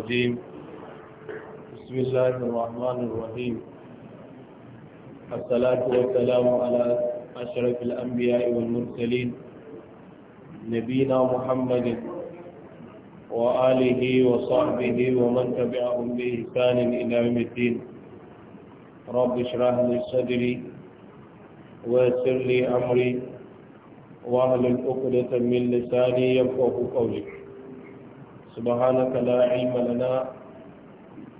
الرجيم بسم الله الرحمن الرحيم الصلاة والسلام على أشرف الأنبياء والمرسلين نبينا محمد وآله وصحبه ومن تبعهم بإحسان إلى يوم الدين رب اشرح لي صدري ويسر لي أمري واهل العقدة من لساني يفقه قولي سبحانك لا علم لنا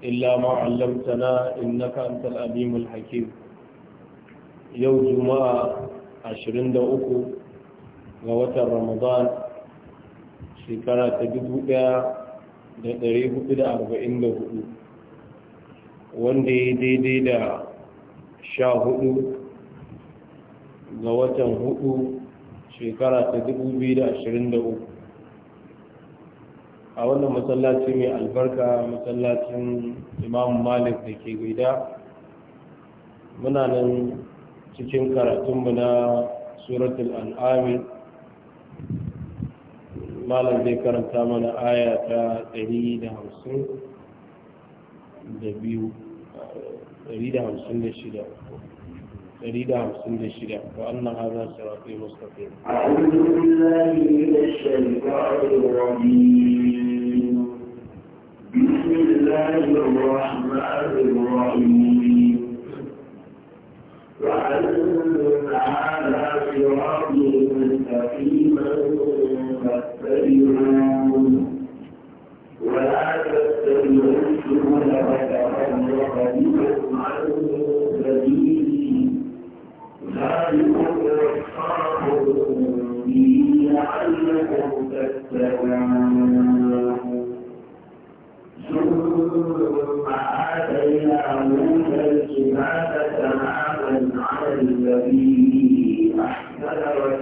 إلا ما علمتنا إنك أنت الأليم الحكيم يوم جمعة عشرين دقيقة ووتر رمضان شكرا تجدو da ɗari hudu da arba'in da hudu wanda ya daidai da sha hudu ga watan hudu shekara ta dubu biyu da ashirin da uku a wannan masallaci mai albarka masallacin imam malik da ke guda muna nan cikin karatunmu na suratul al'amir malam zai karanta mana aya ta 156 تريد خمسين للشريعة وأن هذا صراطي مستقيم. أعوذ بالله من الشيطان الرجيم بسم الله الرحمن الرحيم وأن على صراط مستقيما فاتبعوه ولا تتبعوا السبل فتفرق بكم عن سبيله ذلكم وصاكم به لعلكم تتبعون الذي أحسن وجهه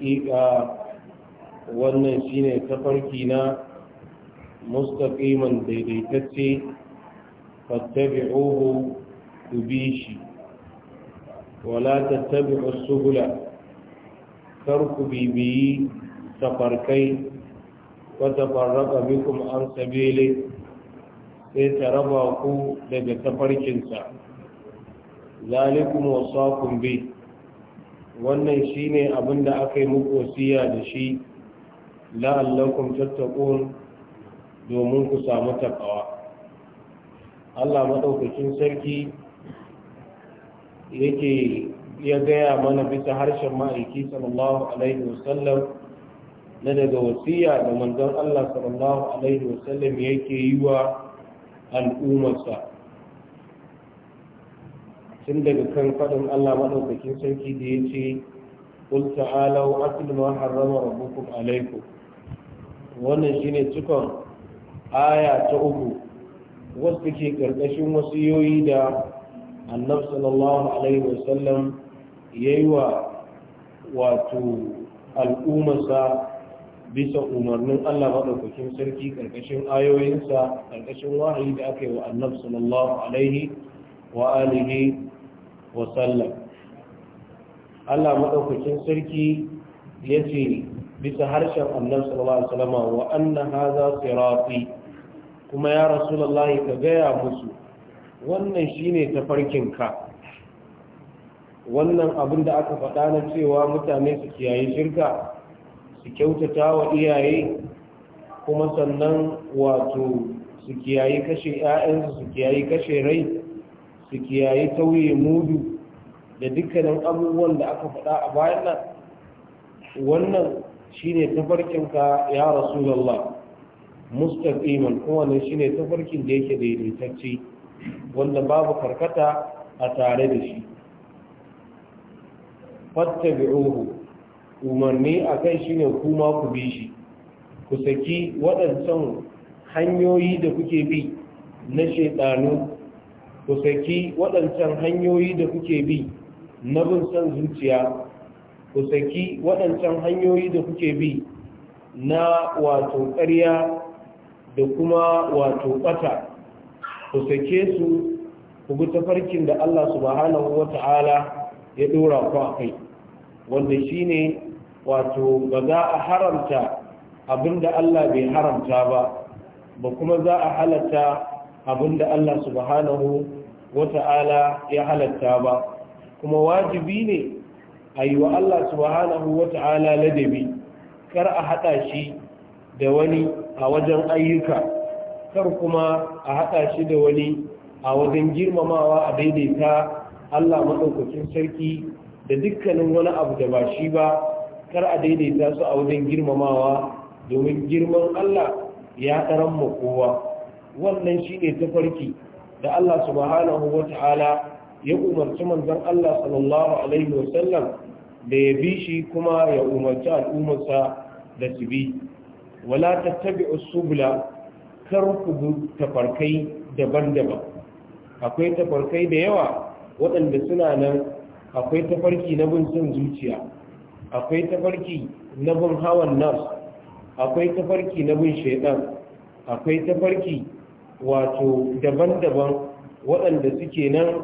hakika wannan shine tafarki na mustaqiman daidaitacce fattabi'uhu ku bi shi wala tattabi'u subula kar ku bibiyi tafarkai wa tafarraqa bikum an sabili sai ta raba ku daga tafarkinsa zalikum wasaqum bi wannan shine abin da aka yi muku wasiya da shi la'allakum tattaqun domin ku samu takawa Allah maɗaukakin sarki yake ya gaya mana bisa harshen ma'aiki sallallahu alaihi wasallam na daga wasiya da manzon Allah sallallahu alaihi wasallam yake yi wa al'ummarsa tun daga kan faɗin Allah maɗaukakin sarki da ya ce قل تعالوا أكل ما حرم ربكم عليكم wannan shine cikon aya ta uku wasu ke karkashin wasiyoyi da annab sallallahu alaihi wasallam ya yi wa wato al'ummarsa bisa umarnin allah maɗaukakin sarki karkashin ayoyinsa karkashin wahayi da aka yi wa annab sallallahu alaihi wa alihi wasallam Allah maɗaukakin sarki ya ce bisa harshen annan sallallahu alaihi wasallam wa anna hadha sirati kuma ya rasulullahi ka gaya musu wannan shine tafarkin ka wannan abin da aka faɗa na cewa mutane su kiyaye shirka su kyautata wa iyaye kuma sannan wato su kiyaye kashe 'ya'yansu su kiyaye kashe rai su kiyaye tauye mudu da dukkanin abubuwan da aka faɗa a bayan nan wannan shine tafarkinka ya rasulullah mustaqiman kuma ne shine tafarkin da yake daidaitacce wanda babu karkata a tare da shi fattabi'uhu umarni akan shine kuma ku bi shi ku saki waɗancan hanyoyi da kuke bi na shaitanu ku saki waɗancan hanyoyi da kuke bi na bin son zuciya ku saki waɗancan hanyoyi da kuke bi na wato ƙarya da kuma wato ɓata ku sake su ku bi tafarkin da Allah subhanahu wa ya ɗora ku a wanda shi ne wato ba za a haramta abin da Allah bai haramta ba ba kuma za a halatta abin da Allah subhanahu wata'ala ya halatta ba kuma wajibi ne a yi wa Allah subhanahu wata'ala ladabi kar a haɗa shi da wani a wajen ayyuka kar kuma a haɗa shi da wani a wajen girmamawa a daidaita Allah maɗaukacin sarki da dukkanin wani abu da ba shi ba kar a daidaita su a wajen girmamawa domin girman Allah ya ƙaran kowa wannan shi ne tafarki da Allah subhanahu wa ta'ala ya umarci manzon Allah sallallahu alaihi wa sallam da ya bi shi kuma ya umarci al'ummarsa da su bi wala tattabi'u subula kar ku tafarkai daban-daban akwai tafarkai da yawa waɗanda suna nan akwai tafarki na bin son zuciya akwai tafarki na bin hawan nas akwai tafarki na bin shaidan akwai tafarki wato daban-daban waɗanda suke nan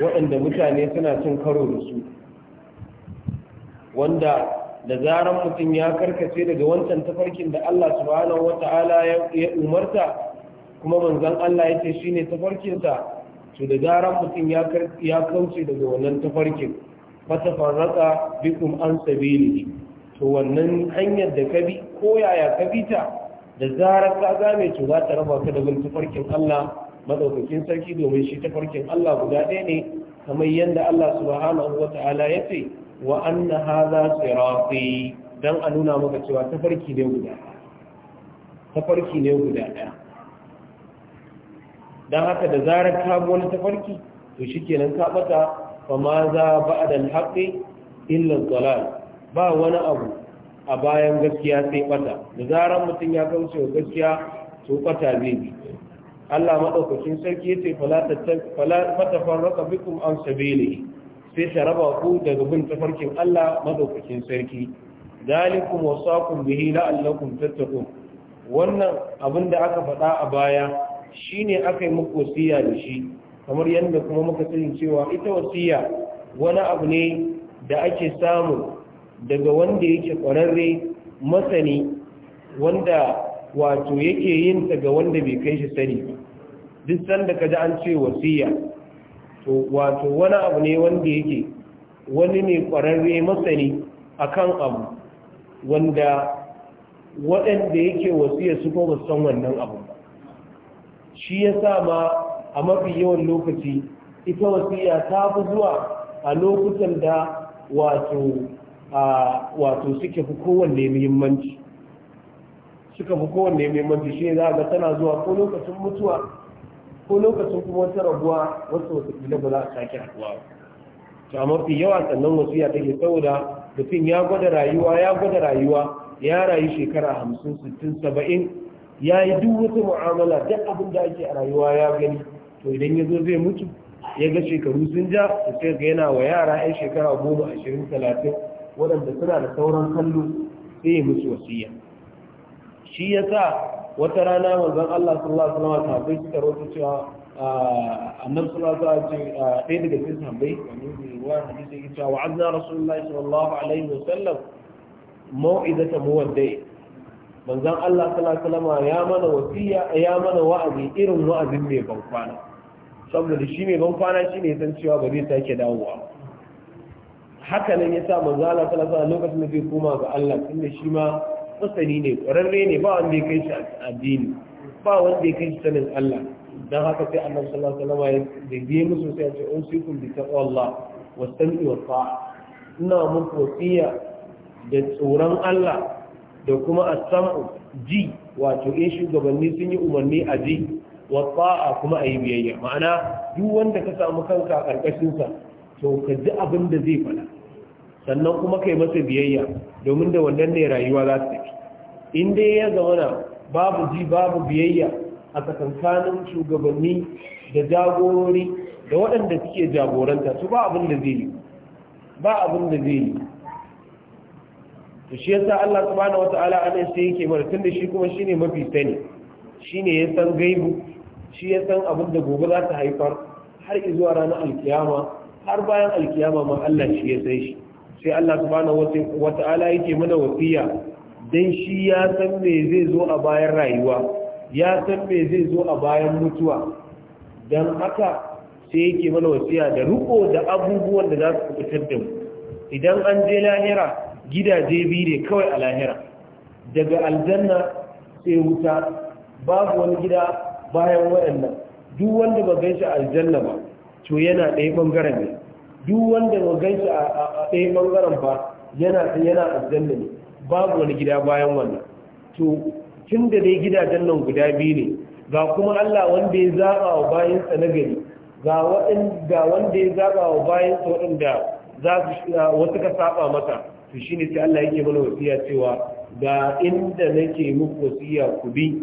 waɗanda mutane suna cin karo da su wanda da zaran mutum ya karkace daga wancan tafarkin da Allah subhanahu wata'ala ya umarta kuma manzon Allah ya ce shine tafarkinsa to da zaran mutum ya ya kauce daga wannan tafarkin fatafarraqa bikum an sabili to wannan hanyar da kabi ko yaya ka ta da zarar ka game to za ta raba ka da bin tafarkin Allah madaukakin sarki domin shi tafarkin Allah guda ɗaya ne kamar yadda Allah subhanahu ta'ala ya ce wa anna hadha sirati dan a nuna maka cewa tafarki ne guda tafarki ne guda ɗaya dan haka da zarar ka bi wani tafarki to shikenan ka bata fa ma za ba'da al-haqqi illa dalal ba wani abu a bayan gaskiya sai bata da zarar mutum ya kauce wa gaskiya to bata zai bi Allah madaukakin sarki yace fala tafarraqa bikum an sabili sai ta raba ku daga bin tafarkin Allah madaukakin sarki dalikum wasaqum bihi la'allakum tattaqun wannan abin da aka faɗa a baya shine aka yi muku wasiya da shi kamar yadda kuma muka sani cewa ita wasiya wani abu ne da ake samu daga wanda yake ƙwararre masani wanda wato yake yin ta ga wanda bai kai shi sani ba duk sanda ka an ce wasiya to wato wani abu ne wanda yake wani ne ƙwararre masani akan abu wanda waɗanda yake wasiya su kuma san wannan abu ba shi ya sa ma a mafi yawan lokaci ita wasiya ta fi zuwa a lokutan da wato a wato suke fi kowanne muhimmanci suka fi kowanne muhimmanci shi za ga tana zuwa ko lokacin mutuwa ko lokacin kuma wata rabuwa wasu wasu kila ba za a sake haɗuwa to a mafi yawa sannan wasiya take saboda mutum ya gwada rayuwa ya gwada rayuwa ya rayu shekara hamsin sittin saba'in ya yi duk wata mu'amala duk abin da ake a rayuwa ya gani to idan ya zo zai mutu ya ga shekaru sun ja sai ga yana wa yara 'yan shekara goma ashirin talatin waɗanda suna da sauran kallo sai ya musu wasiya shi ya sa wata rana manzon Allah sallallahu alaihi wasallam ta bai suka rawaito cewa annabi sallallahu alaihi wasallam ce ɗaya daga cikin sahabbai wani ruwa hadisi yake cewa wa'azna rasulullahi sallallahu alaihi wasallam mau'izata muwaddai manzon Allah sallallahu alaihi wasallam ya mana wasiya ya mana wa'azi irin wa'azin mai bankwana saboda shi mai bankwana shine san cewa ba zai sake dawowa haka nan ya sa manzo Allah sallallahu alaihi lokacin da zai koma ga Allah inda shi ma musani ne ƙwararre ne ba wanda ya kai shi addini ba wanda ya kai shi sanin Allah dan haka sai Allah sallallahu alaihi wasallam da biye musu sai ya ce usikum bi taqwallah wasami wa ta'a ina muku wasiya da tsoron Allah da kuma as-sam'u ji wato in shugabanni sun yi umarni a ji wa ta'a kuma a yi biyayya ma'ana duk wanda ka samu kanka a karkashin to ka ji abin da zai faɗa sannan kuma kai masa biyayya domin da wannan ne rayuwa za su yi in dai ya zamana babu ji babu biyayya a tsakankanin shugabanni da jagorori da waɗanda suke jagoranta su ba abin da zai yi ba abin da zai yi to shi yasa Allah subhanahu wata'ala an sai yake mana tunda shi kuma shine mafi sani shine ya san gaibu shi ya san abin da gobe za ta haifar har zuwa ranar alkiyama har bayan alkiyama ma Allah shi ya sai shi sai Allah subhanahu wata'ala yake mana wasiya dan shi ya san me zai zo a bayan rayuwa ya san me zai zo a bayan mutuwa dan haka sai yake mana wasiya da ruko da abubuwan da za su kubutar da mu idan an je lahira gidaje biyu ne kawai a lahira daga aljanna sai wuta babu wani gida bayan waɗannan duk wanda ba gaishe aljanna ba to yana ɗaya ɓangaren ne duk wanda ba gan shi a ɗaya ɓangaren ba yana yana aljanna ne babu wani gida bayan wannan to tun da dai gidajen nan guda biyu ne ga kuma Allah wanda ya zaɓa wa bayansa sa nagari ga wanda ya zaɓa wa bayansa waɗanda za su wasu ka saba mata to shine sai Allah yake mana wasiya cewa ga inda nake muku wasiya ku bi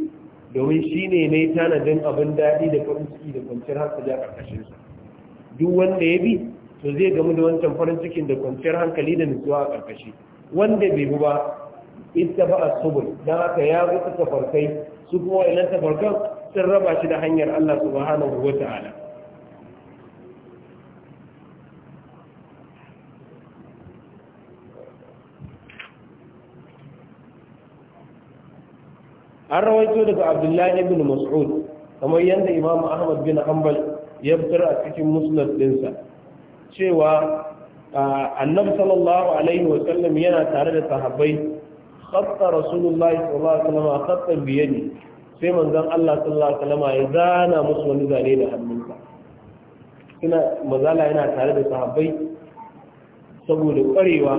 domin shine ne tanadin abin daɗi da farin ciki da kwanciyar hankali a ƙarƙashin duk wanda ya bi to zai gamu da wancan farin cikin da kwanciyar hankali da nutsuwa a ƙarƙashi wanda bai bu ba ita ba a subul don haka ya bi tafarkai su kuma wa'inan tafarkan sun raba shi da hanyar Allah subhanahu wa ta'ala an rawaito daga abdullahi ibn mas'ud kamar yadda imam ahmad bin hanbal ya fitar a cikin musnad dinsa cewa annabi sallallahu alaihi wa sallam yana tare da sahabbai khatta rasulullahi sallallahu alaihi wa sallam khatta biyani, sai manzon Allah sallallahu alaihi wa sallam ya zana musu wani zane da hannunsa ina mazala yana tare da sahabbai saboda kwarewa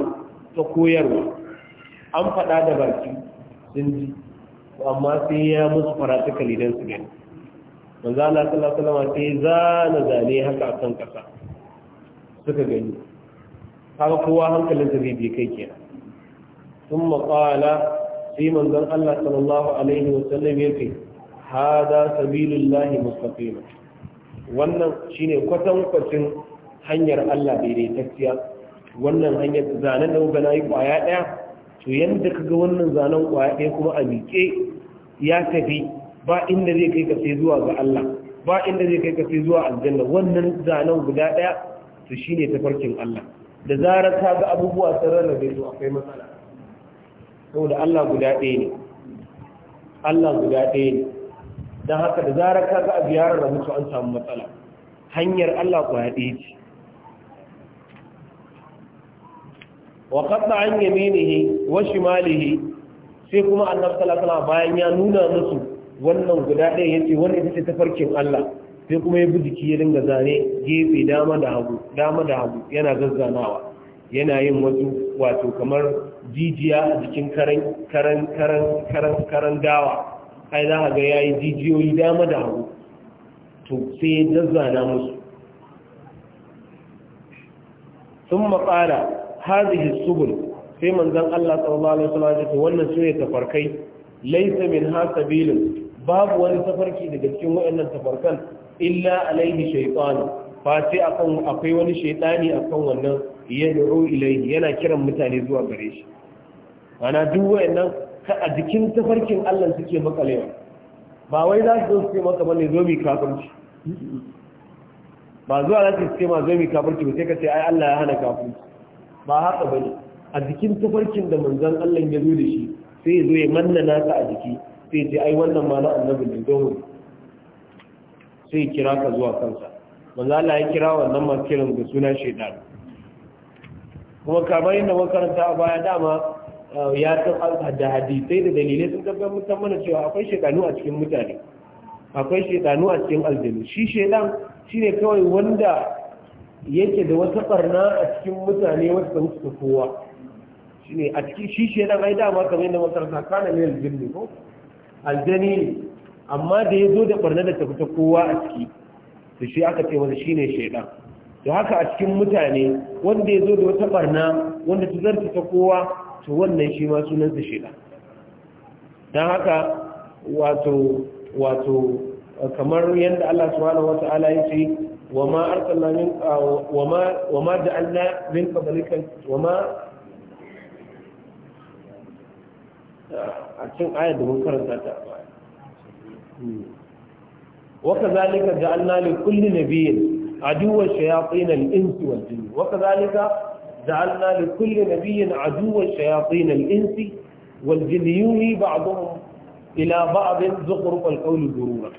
ta koyarwa an faɗa da baki sun ji amma sai ya musu faratu don su gani Allah sallallahu alaihi wa sallam sai zana zane haka akan kasa suka gani kaga kowa hankalin zai bi kai ke sun قال في من ذن Allah صلى alaihi wa وسلم يكي هذا سبيل الله مستقيم wannan shine kwatan kwacin hanyar Allah daidaitacciya wannan hanyar zanen da kuka nayi kwaya daya to yanda kaga wannan zanen kwaya daya kuma a miƙe ya tafi ba inda zai kai ka sai zuwa ga Allah ba inda zai kai ka sai zuwa aljanna wannan zanen guda daya to shine tafarkin Allah da zarar ka ga abubuwa sun rarrabe zo akwai matsala saboda Allah guda ɗaya ne Allah guda ɗaya ne don haka da zarar ka ga abu ya rana mutu an samu matsala hanyar Allah guda ɗaya ce wa qatta an yaminihi wa shimalihi sai kuma Allah sallallahu alaihi bayan ya nuna musu wannan guda ɗaya yace wannan ita ce tafarkin Allah sai kuma ya bi jiki ya dinga zane gefe dama da hagu dama da hagu yana zazzanawa yana yin wasu wato kamar jijiya a jikin karan karan karan karan karan dawa ai za ka ga yayi jijiyoyi dama da hagu to sai ya zazzana musu sun maƙala hadihi subul sai manzon Allah sallallahu alaihi wasallam ya ce wannan sune tafarkai laysa min hasabilin babu wani tafarki daga cikin waɗannan tafarkan illa alaihi shaytan sai akan akwai wani shaytani akan wannan yad'u ilaihi yana kiran mutane zuwa gare shi ana duk waɗannan ka a jikin tafarkin Allah suke makalewa ba wai za su ce maka bane zo mi kafirci ba zuwa za su ce ma zo mi kafirci ba sai ka ce ai Allah ya hana kafirci ba haka bane a jikin tafarkin da manzon Allah ya zo da shi sai ya zo ya manna naka a jiki sai ji ai wannan ma na annabi ne domin sai kira ka zuwa kansa manzo Allah ya kira wannan ma kiran da suna shaidan kuma kamar yadda makaranta a baya dama uh, ya san da hadisai da dalilai sun tabbatar mutan mana cewa akwai shaidanu a cikin mutane akwai shaidanu a cikin aljanu shi shaidan shine kawai wanda yake da wata barna a cikin mutane wata suka kowa shine a cikin shi shaidan ai dama kamar yadda makaranta kana ne aljinni ko aljani amma da ya zo da barna da tafi ta kowa a ciki to shi aka ce shi shine shaidan to haka a cikin mutane wanda ya zo da wata barna wanda ta zarta ta kowa to wannan shi ma sunansa shaidan don haka wato wato kamar yadda Allah subhanahu wata'ala ya ce wa ma arsalna min wa ma ja'alna min qablika wa ma a cin ayar da mun karanta ta وكذلك Wata لكل نبي عدوا الشياطين الإنس والجن وكذلك جعلنا لكل نبي عدوا ba a والجن Ila ba إلى بعض زخرف القول غرورا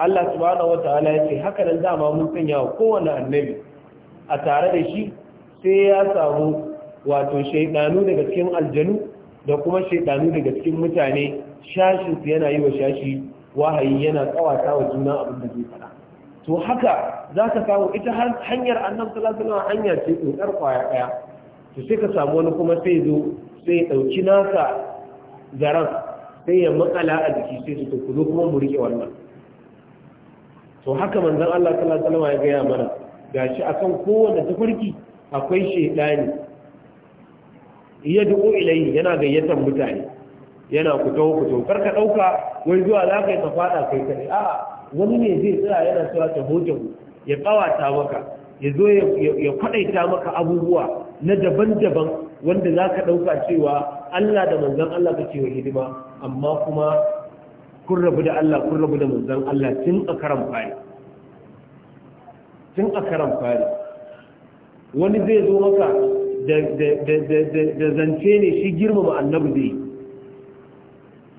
Allah subhanahu ya ce. haka nan dama mun sanya wa kowane annabi a tare da shi sai ya samu wato shaidanu daga cikin aljanu da kuma shaidanu daga cikin mutane shashi yana yi wa shashi wahayi yana tsawata wa juna abin da zai fara to haka za ka samu ita hanyar annabi sallallahu alaihi wasallam hanya ce tsokar kwaya daya to sai ka samu wani kuma sai zo sai dauki nasa zaran sai ya makala a jiki sai su to kuma mu rike wannan to haka manzon Allah sallallahu alaihi wasallam ya gaya mana gashi akan kowanne tafarki akwai shaidani duku ilai yana gayyatar mutane yana kuto kuto karka dauka wai zuwa za ka yi ta fada kai kai a'a wani ne zai tsira yana tsira ta hoto ya kawata maka ya zo ya kwadaita maka abubuwa na daban-daban wanda za ka ɗauka cewa Allah da manzan Allah ka wa hidima amma kuma kun rabu da Allah kun rabu da manzan Allah tun a karan fari tun a karan fari wani zai zo maka da zance ne shi girmama annabi zai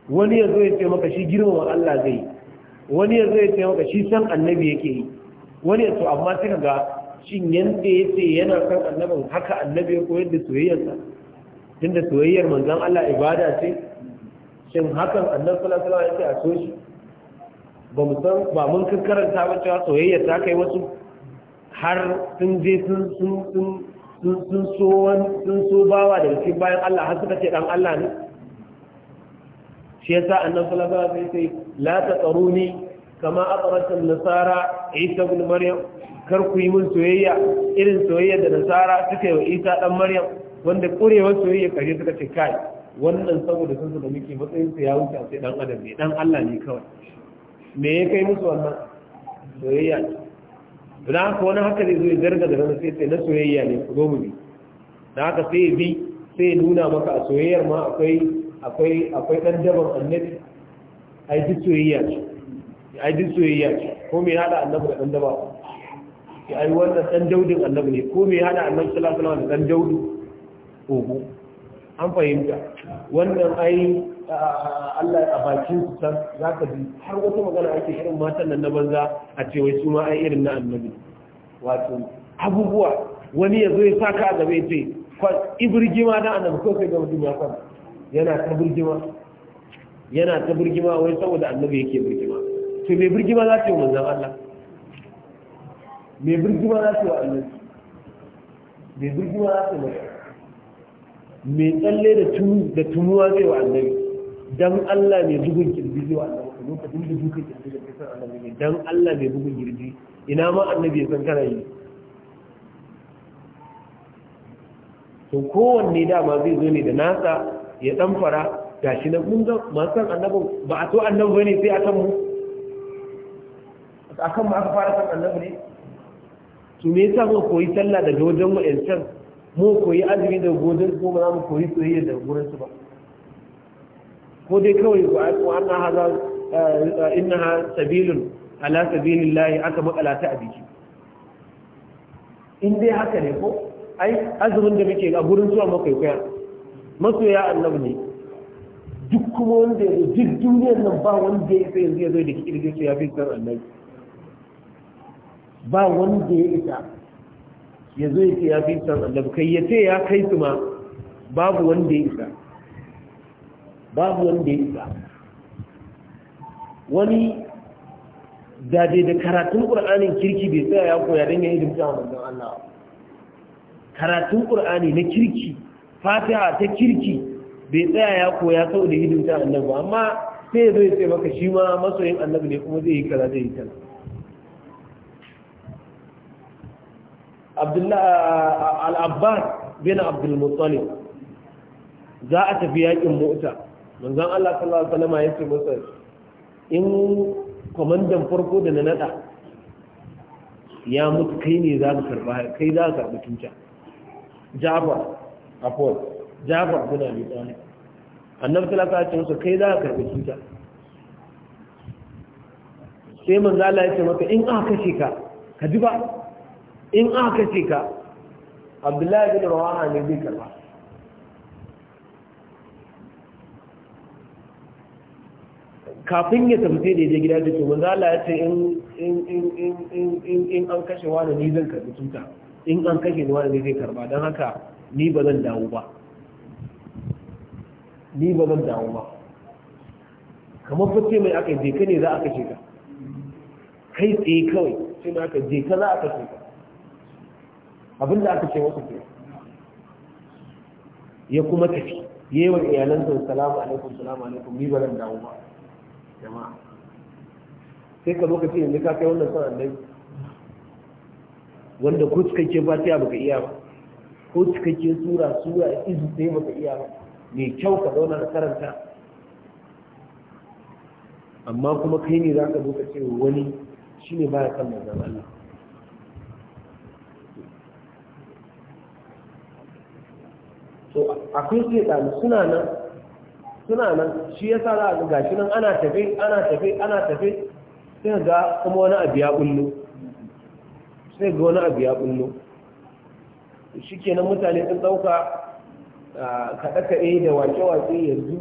wani ya zo ya ce maka shi girmama Allah zai wani ya zo ya ce maka shi san annabi yake yi wani ya to amma suka ga shin yanda ya ce yana san annabin haka annabi ya koyar da soyayyarsa da soyayyar manzan Allah ibada ce shin hakan annabi sallallahu alaihi wasallam ya ce a so shi ba mu san ba mun kankarar ba cewa soyayya ta kai wasu har sun je sun sun sun so bawa da cikin bayan Allah har suka ce ɗan Allah ne shi ya yasa annabi sallallahu sai-sai? la ne kama aqrata nasara isa gun maryam kar ku yi min soyayya irin soyayya da nasara suka yi wa isa ɗan maryam wanda ƙurewar soyayya kaje suka ce kai wannan saboda sun da muke matsayin su ya wuce a sai ɗan adam ne ɗan Allah ne kawai me ya kai musu wannan soyayya da haka wani haka zai zo ya zarga da ranar sai na soyayya ne ku zo mu bi da haka sai ya bi sai ya nuna maka a soyayyar ma akwai akwai akwai dan daban annabi ai duk soyayya ce ai duk soyayya ce ko me hada annabi da dan daba ai wannan dan daudin annabi ne ko me hada annabi sallallahu alaihi wasallam da dan daudu an fahimta wannan ai Allah a bakin su san za ka bi har wata magana ake irin matan nan na banza a ce wai su ma ai irin na annabi wato abubuwa wani ya zo ya sa ka gaba ya ce ibirgima na annabi ko sai ga mutum ya san yana ta birgima yana ta birgima wai saboda annabi yake birgima to me birgima za ta yi manzan Allah me birgima za ta yi wa annabi me birgima za ta yi mai tsalle da tunu da tunuwa zai wa annabi dan Allah mai bugun kirji zai wa annabi lokacin da duka kirji da kisan annabi ne dan Allah mai bugun kirji ina ma annabi ya san kana yi to kowanne dama zai zo ne da nasa ya dan fara gashi na mun zan ma san annabi ba a so annabi bane sai a kan mu a kan mu aka fara san annabi ne to me yasa mun koyi sallah daga wajen wa'ancan mu koyi azumi da godin su ba za mu koyi soyayya da gurin su ba ko dai kawai ko an na haza eh, innaha sabilun ala sabilillahi aka makala ta a biki in dai haka ne ko ai azumin da muke a gurin su zuwa kai masoya annabi ne duk kuma wanda ya duk duniyar nan ba wanda ya yanzu ya zo da kirgin su ya fi san annabi ba wanda ya isa ya zo ya ya fi san annabi kai ya ce ya kai su ma babu wanda ya isa babu wanda ya isa wani dade da karatun ƙur'anin kirki bai tsaya ya koya don ya yi dimta manzon Allah karatun ƙur'ani na kirki fatiha ta kirki bai tsaya ya koya sau da wannan ba amma sai ya zo ya ce maka shi ma masoyin annabi ne kuma zai yi kaza zai yi kaza Uh, al'abbas bin abdulmuttalib za a tafi yakin mota manzan allah sallallahu ala'uwa ya ce masa in kwamandan farko da na nada ya mutu kai ne za ka karba kai za ka karba tunca jafar afon jafar guda mai tsani annabi sallallahu alaihi masa, kai za ka karba tunca sai manzan Allah ya ce masa in aka kashe ka ka ji ba in aka ce ka abdullahi bin rawaha ne zai karba kafin ya tafi da ya gida da ce manzo Allah ya ce in an kashe wani ni zan karbi tuta in an kashe ni wani ne zai karba don haka ni ba zan dawo ba ni ba zan dawo ba kamar fice mai aka je ka ne za a kashe ka kai tsaye kawai sai mai aka je ka za a kashe ka abin da aka ce masa ke ya kuma tafi yewa iyalan sa salamu alaikum salamu alaikum ni baran dawo ba jama'a sai ka lokaci yanzu ka kai wannan sanar dai wanda ko cikakken fatiha baka iya ba ko cikakken sura sura izu sai baka iya ba mai kyau ka zauna da karanta amma kuma kai ne za ka zo ka ce wani ne baya kan manzon Allah akwai shedanu suna nan suna nan shi yasa za ga gashi nan ana tafe ana tafe ana tafe sai ga kuma wani abu ya bullo sai ga wani abu ya bullo shikenan mutane sun dauka kaɗe-kaɗe da wake-wake yanzu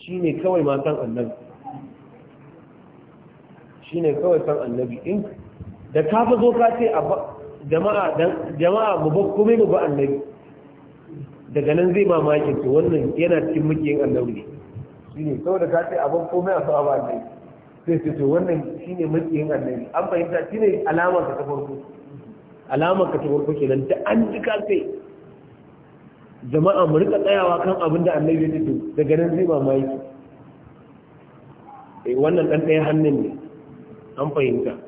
shi ne kawai matan annabi shi ne kawai san annabi in da ka fi zo ka ce jama'a mu ba kome mu ba annabi daga nan zai mamaki to wannan yana cikin mukiyin annabi ne shine saboda ka ce abin komai a sawa ba ne sai ce to wannan shine makiyin annabi an fahimta shine alamar ka ta farko alamar ka ta farko kenan da an ji ka sai jama'a mu rika tsayawa kan abin da annabi ya to daga nan zai mamaki eh wannan dan ɗaya hannun ne an fahimta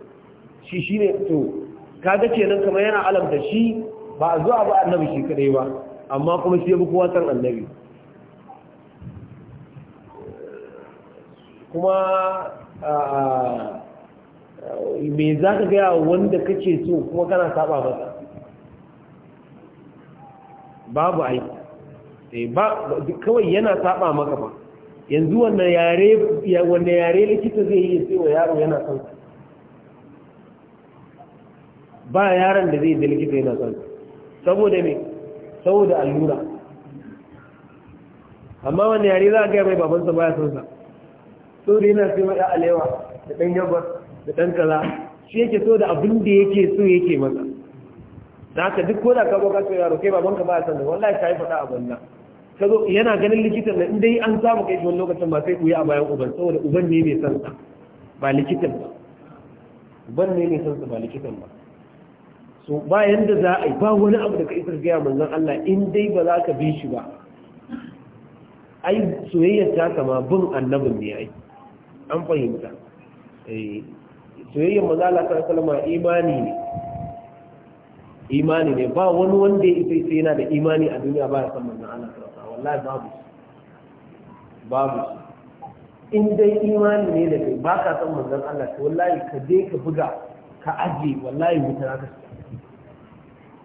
shi shine to kaga kenan kamar yana alamta shi ba zuwa ba annabi shi kadai ba amma kuma shi ya bi kowa san annabi kuma me za ka gaya wanda kace so kuma kana saba masa babu ai eh, ba kawai yana saba maka ba yanzu wannan yare wanda yare likita zai yi sai wa yaro yana son ba yaron da zai da likita yana son saboda me saboda allura amma wani yare za a gaya mai babansa baya son sa saboda yana sai mai alewa da ɗan yabas da ɗan kaza shi yake so da abin da yake so yake masa da haka duk koda ka boka ce yaro kai babanka baya son da wallahi ka yi faɗa a banza ka zo yana ganin likitan da inda an samu kai shi wani lokacin ba sai kuya a bayan uban saboda uban ne mai sansa ba likitan ba uban ne mai son ba likitan ba so bayan da za a yi ba wani abu da ka isar gaya manzan Allah in dai ba za ka bi shi ba ai soyayyar ta kama bin annabin ne ai an fahimta eh, soyayyar manzan Allah ta kalma imani ne imani ne ba wani wanda ya isa sai yana da imani a duniya ba ya san manzan Allah ta kalma wallahi babu babu in dai imani ne da kai ba ka san manzan Allah to wallahi ka je ka buga ka aje wallahi mutara ka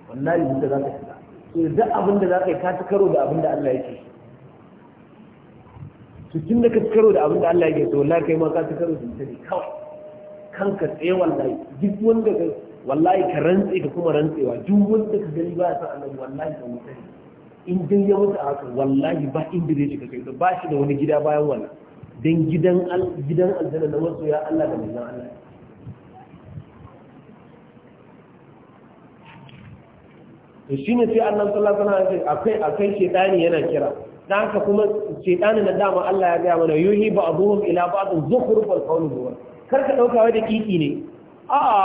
wallahi duk da zaka shiga to duk abin da za yi ka ci karo da abin da Allah yake to tun da ka ci karo da abin da Allah yake to wallahi kai ma ka ci karo da shi ne kawai kanka tsaye wallahi duk wanda ka wallahi ka rantse ka kuma rantsewa duk wanda ka gani ba ya Allah wallahi ka wuta in dai ya mutu a haka wallahi ba inda zai shiga kai ba shi da wani gida bayan wannan dan gidan gidan aljanna na wasu ya Allah da manzon Allah to shine sai annabi sallallahu alaihi wasallam akai akai shedani yana kira dan haka kuma shedani na dama Allah ya ga mana yuhi ba'dhum ila ba'd zukhruf al-qawl huwa kar ka dauka wai da kiki ne a'a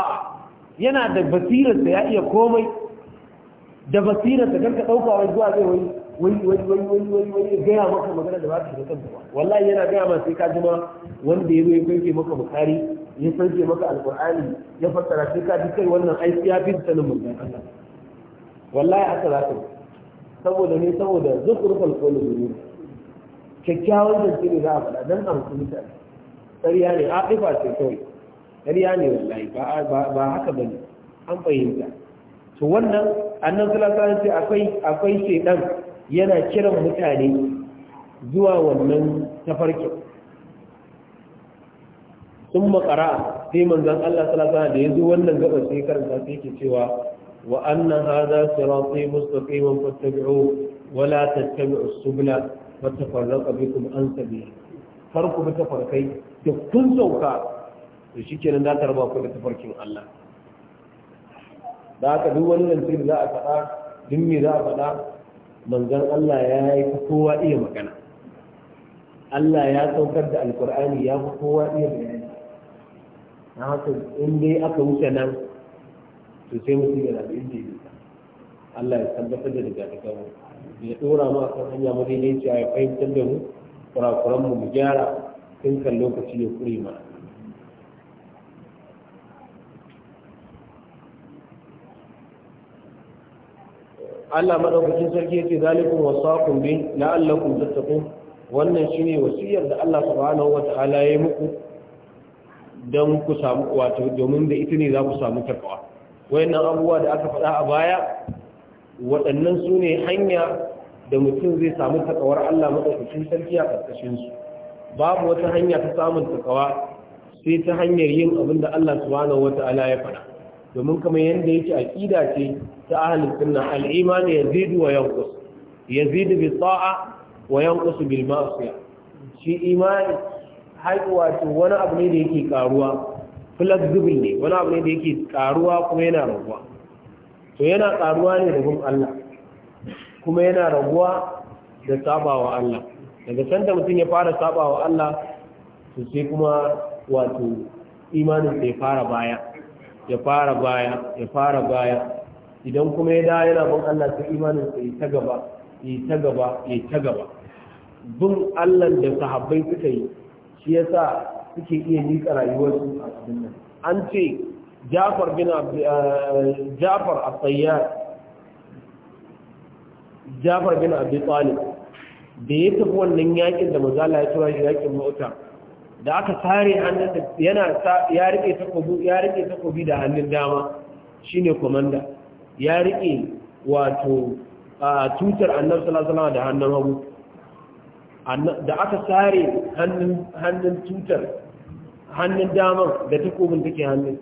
yana da basirar da ya iya komai da basirar da kar ka dauka wai zuwa zai wai wai wai wai wai wai wai gaya maka magana da ba ta da kanta wallahi yana gaya ma sai ka jima wanda ya zo ke kanke maka bukari ya sanke maka alqur'ani ya fassara sai ka ji kai wannan ai ya fi sanin mun Allah wallahi aka za ka saboda ne saboda zukurfar qawli ne kyakkyawan zance za a faɗa don an kuma mutane Tsariya ne ɗifa ce kawai tsariya ne wallahi ba haka ba ne, an fahimta to wannan annan sulasarar ce akwai akwai ɗan yana kiran mutane zuwa wannan tafarkin sun makara sai manzan Allah sulasarar da ya zo wannan gaba sai karanta sai ke cewa وأن هذا صراطي مستقيما فاتبعوه ولا تتبعوا السبل فتفرق بكم عن سبيله farko bi tafarkai da kun sauka da shi kenan za ta raba ku da tafarkin Allah da aka duk wani lantarki za a faɗa duk za a faɗa manzon Allah ya yi kowa iya magana Allah ya saukar da alkur'ani ya fi kowa iya na in dai aka wuce nan to sai mutum yana da inda ya Allah ya tabbatar da daga daga mu ya dora mu akan hanya madaidaici ya fahimtar da mu kurakuran mu mu gyara tun kan lokaci ya kure ma Allah madaukakin sarki yace zalikum wasaqum bi la'allakum tattaqun wannan shine wasiyar da Allah subhanahu wataala ya yi muku don ku samu wato domin da ita ne za ku samu takawa wayannan abubuwa da aka faɗa a baya waɗannan su ne hanya da mutum zai samu takawar Allah maɗaukacin sarki a ƙarƙashinsu babu wata hanya ta samun takawa sai ta hanyar yin abin da Allah subhanahu wata'ala ya faɗa domin kamar yadda yake aqida ce ta ahlus sunna al-iman yazidu wa yanqus yazidu bi ta'a wa yanqus bil ma'siyah shi imani haihuwa wani abu ne da yake karuwa flexible ne wani abu ne da yake karuwa kuma yana raguwa to yana karuwa ne da gun Allah kuma yana raguwa da sabawa Allah daga san sanda mutum ya fara sabawa Allah to sai kuma wato imanin sai fara baya ya fara baya ya fara baya idan kuma ya da yana bin Allah sai imanin sai ta gaba yi ta gaba yi ta gaba bin Allah da sahabbai suka yi shi yasa suke iya miƙa rayuwarsu a cikin nan an ce jafar bin eh, jafar asayyar jafar bin abi talib da ya tafi wannan yakin da mazala ya tura shi yakin mota da aka tare hannun da yana ya rike takobi da hannun dama shine komanda ya rike wato a tutar annabi sallallahu alaihi wasallam da hannun hagu da aka sare hannun tutar hannun daman da takobin take hannun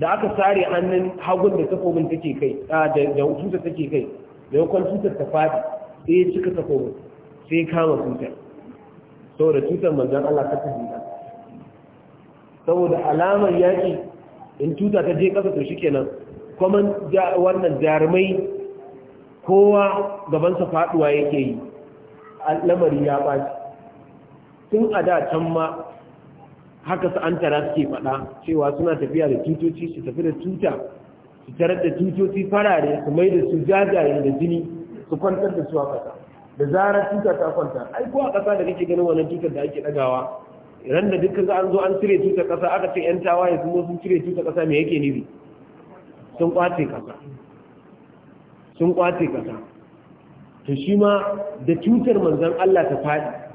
da aka sare hannun hagun da takobin take kai da tuta take kai da yankon tutar ta fadi sai ya cika takobin sai ya kama tutar saboda tutar manzan Allah ta tafi saboda alamar yaƙi in tuta ta je ƙasa to shikenan kuma wannan jarumai kowa gabansa faduwa yake yi lamari ya ɓaci tun a da can ma haka su an tara suke faɗa cewa suna tafiya da tutoci su tafi da tuta su tarar da tutoci farare su mai da su jajaye da jini su kwantar da su a ƙasa da zarar tuta ta kwanta ai ko a ƙasa da kake ganin wannan tutar da ake ɗagawa ran da dukkan ga an zo an cire tutar ƙasa aka ce 'yan tawaye sun zo sun cire tutar ƙasa me yake nufi sun kwace ƙasa sun kwace ƙasa to shi ma da tutar manzon Allah ta faɗi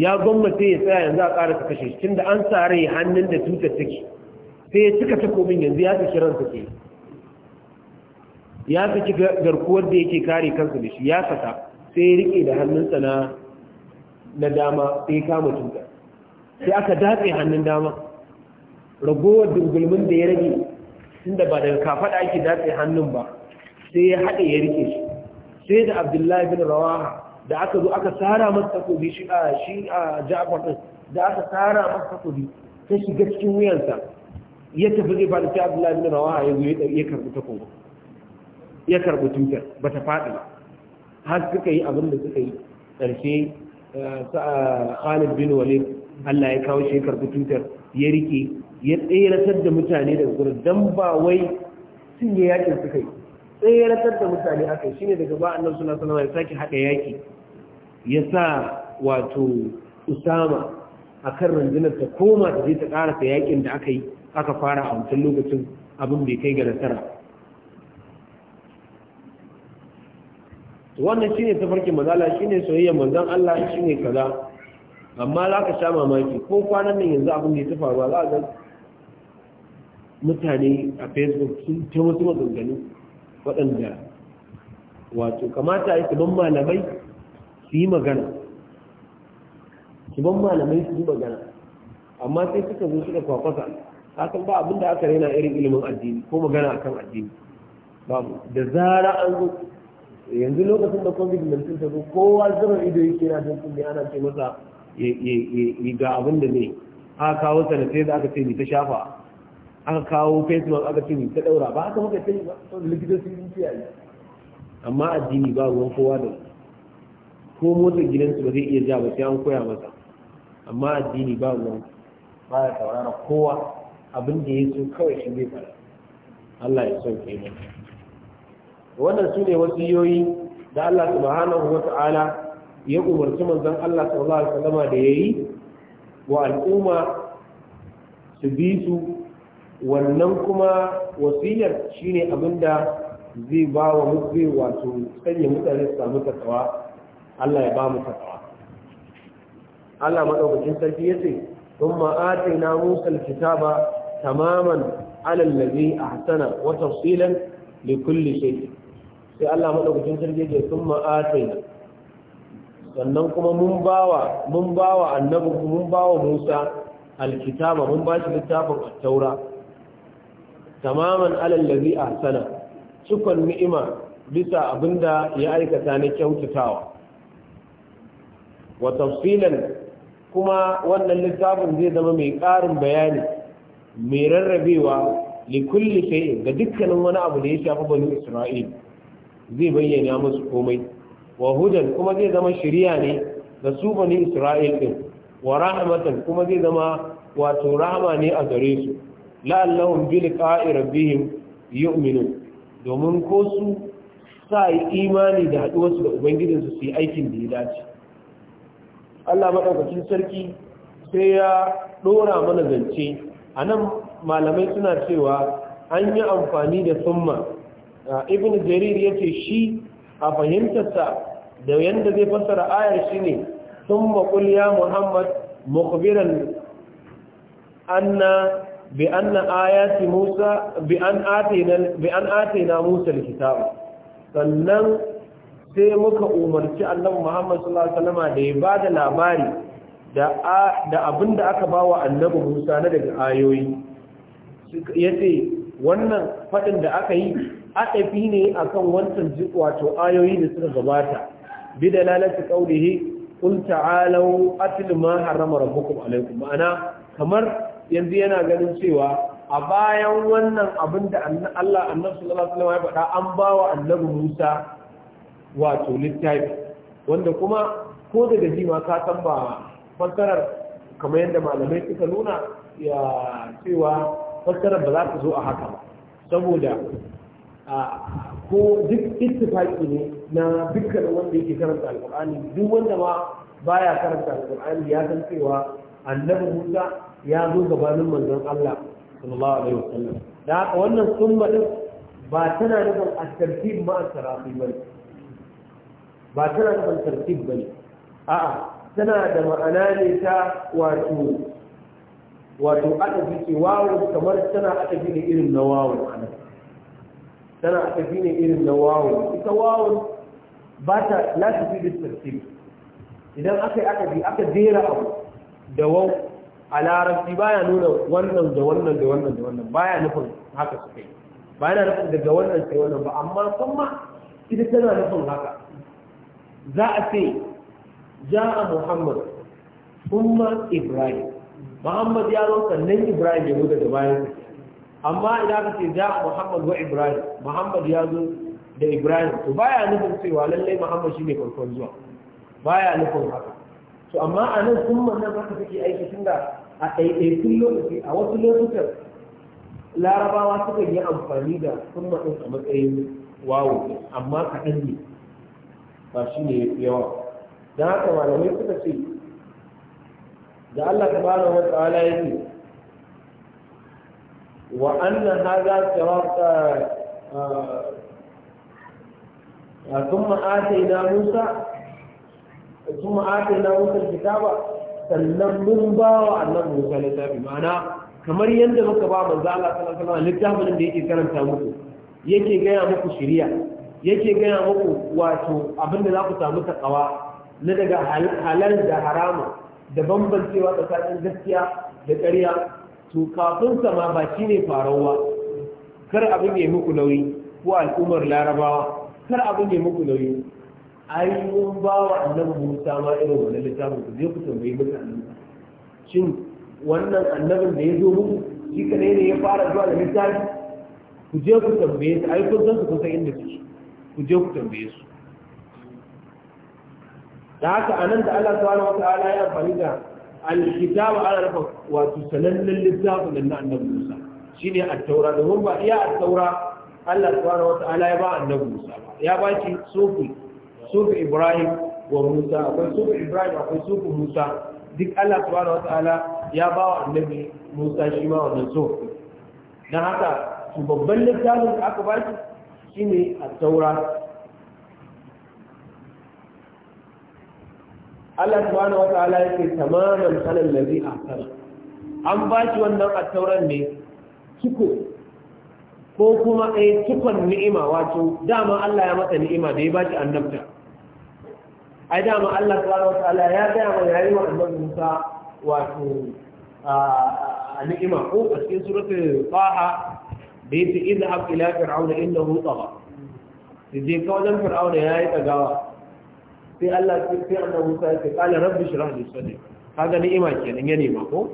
ya sai ya tsaya yanzu a ƙara ta kashe shi da an tsare hannun da tutar take sai ya cika takobin yanzu ya saki ransa ke ya saki garkuwar da yake kare kansa da shi ya saka sai ya riƙe da hannunsa na na dama sai ya kama tutar sai aka datse hannun dama ragowar dungulmin da ya rage tunda ba daga kafaɗa ake datse hannun ba sai ya haɗe ya riƙe, shi sai da abdullahi bin rawaha da aka zo aka tsara masa takobi shi a shi din da aka tsara masa takobi ta shiga cikin wuyansa ya tafi zai bada ta Abdullahi bin Rawaha ya zo ya karbi takobi ya karbi tutar bata faɗi ba har suka yi abin da suka yi ƙarshe Khalid bin Walid Allah ya kawo shi karbi tutar ya rike ya tsere da mutane daga gurin dan ba wai sun yi yakin suka yi tseratar da mutane aka yi shine daga ba'an nan suna sanarwa ya sake haɗa yaƙi ya sa wato usama kan rundunar ta koma ta je ta ƙarasa yaƙin da aka yi aka fara a wancan lokacin abin bai kai ga nasara wannan shine farkin mazala shine soyayya manzan Allah ne kaza amma za ka sha mamaki ko kwanan nan yanzu abin da ya tafa ba za a ga mutane a facebook sun ta wasu maganganu waɗanda wato kamata ya ban malamai su yi magana su ban malamai su yi magana amma sai suka zo suka kwakwasa hakan ba abinda aka raina irin ilimin addini ko magana akan addini babu da zara an zo yanzu lokacin da covid-19 ta zo kowa zama ido yake na san kun ana ce masa ga abin da ne a kawo sanate da aka ce ni ta shafa aka kawo facebook aka ce ta daura ba aka maka sai ba likita sun yi amma addini ba ruwan kowa da ko motsa gidansu ba zai iya ja ba sai an koya masa amma addini ba ruwan ba ya saurara kowa abin da ya so kawai shi zai fara Allah ya sauke mu wannan su ne yoyi da Allah subhanahu wa ta'ala ya umarci manzon Allah sallallahu alaihi wasallama da yayi wa al'umma su bi su wannan kuma wasiyar shine abinda zai ba wa mutane wato sanya mutane su samu takawa Allah ya ba mu takawa Allah madaukakin sarki yace thumma atina musa alkitaba tamaman ala allazi ahsana wa tafsilan li kulli shay sai Allah madaukakin sarki yace thumma atina sannan kuma mun bawa mun bawa annabi mun bawa Musa alkitaba mun ba shi littafin at-taura tamaman alal a ahsana cikon ni'ima bisa abinda ya aikata na kyautatawa wa tafsilan kuma wannan littafin zai zama mai ƙarin bayani mai rarrabewa likulli shay'in ga dukkanin wani abu da ya shafi bani Isra'il zai bayyana musu komai wa hudan kuma zai zama shiriya ne ga su bani Isra'il din wa rahmatan kuma zai zama wato rahama ne a gare su la'allahum bi liqa'i rabbihim yu'minun domin ko su sa yi imani da haɗuwarsu su da ubangijinsu su yi aikin da ya dace Allah madaukakin sarki sai ya ɗora mana zance anan malamai suna cewa an yi amfani da summa ibn jarir yace shi a fahimtarsa da yanda zai fassara ayar shine summa qul muhammad mukhbiran anna Bi'an anna na Musa bi sannan sai muka umarci allahu Muhammad sallallahu alaihi da ya bada labari da da abinda aka bawa Annabi Musa na daga ayoyi Ya ce wannan fadin da aka yi aɗafi ne akan wancan wato ayoyi da suka gabata bi da lalata qawlihi qul ta'alu atlu ma harrama hukum alaikun ma'ana kamar yanzu yana ganin cewa a bayan wannan abin da Allah annabi sallallahu alaihi wasallam ya faɗa an bawa annabi Musa wato littafi wanda kuma ko daga jima ma ka san ba fassarar kamar yadda malamai suka nuna ya cewa fassarar ba za ta zo a haka ba saboda ko duk ittifaki ne na dukkan wanda yake karanta alkur'ani duk wanda ma baya karanta alkur'ani ya san cewa annabi Musa ya zo gabanin manzon Allah sallallahu alaihi wasallam da haka wannan sunna din ba tana nufin at-tartib ma at-tarafi bane ba tana da nufin tartib bane a'a tana da ma'ana ne ta wato wato adabi ce wawo kamar tana adabi ne irin na wawo anan tana adabi ne irin na wawo ita wawo ba ta la fi da tartib idan aka yi aka bi aka jera abu da wau a larabci baya nuna wannan da wannan da wannan da wannan baya nufin haka su kai baya na nufin daga wannan sai wannan ba amma kuma ma ita tana nufin haka za a ce ja'a muhammad umma ibrahim muhammad ya zo sannan ibrahim ya zo daga bayan amma idan aka ce ja'a muhammad wa ibrahim muhammad ya zo da ibrahim to baya nufin cewa lallai muhammad shine farkon zuwa baya nufin haka to amma a nan sun nan haka fi aiki tun da a ɗaiɗaikun lokaci a wasu lokutan larabawa sukan yi amfani da sun ɗin a matsayin wawo amma kaɗan ne ba shi ne yawa don haka malamai suka ce da Allah tabaraka wa ala yake wa anna hadha sirata ثم آتينا موسى ثم آتينا موسى الكتاب sannan mun ba wa annan musa littafi mana kamar yadda muka ba manzo Allah sallallahu alaihi wasallam littafin da yake karanta muku yake gaya muku shiriya yake gaya muku wato abin da za ku samu takawa na daga halal da harama da bambancewa tsakanin gaskiya da ƙarya to kafin sama ba shi ne farawa kar abin ya muku nauyi ko al'ummar larabawa kar abin ya muku nauyi ai mun ba wa annabi Musa ma irin wannan littafin ku je ku tambayi muku annabi shin wannan annabin da ya zo mu shi ne ne ya fara zuwa da littafi ku je ku tambaye su ai kun san su kusa inda suke ku je ku tambaye su da haka anan da Allah subhanahu wa ta'ala ya amfani da alkitab ala rafa wato sanannen littafin da na annabi Musa shine at-taura domin ba iya at-taura Allah subhanahu wa ta'ala ya ba annabi Musa ba ya ba shi sufi sufu ibrahim wa musa akwai sufu ibrahim akwai sufu musa duk allah subhanahu wataala ya ba wa annabi musa shi ma wannan so don haka su babban littafin da aka ba shi shine a taura Allah subhanahu wataala yake tamaman sanan ladhi ahsana an ba shi wannan tauran ne ciko ko kuma yi eh, cikon ni'ima wato dama Allah ya mata ni'ima da ya ba shi annabta ai dama Allah subhanahu wataala ya gaya mana yayi wa annabi Musa wato a ni'ima ko a cikin suratul Taha da yace idhab ila fir'auna innahu tagha je ka wajen fir'auna yayi tagawa sai Allah sai annabi Musa ya ce qala rabbi shrah li sadri kaga ni'ima kenan ya nema ko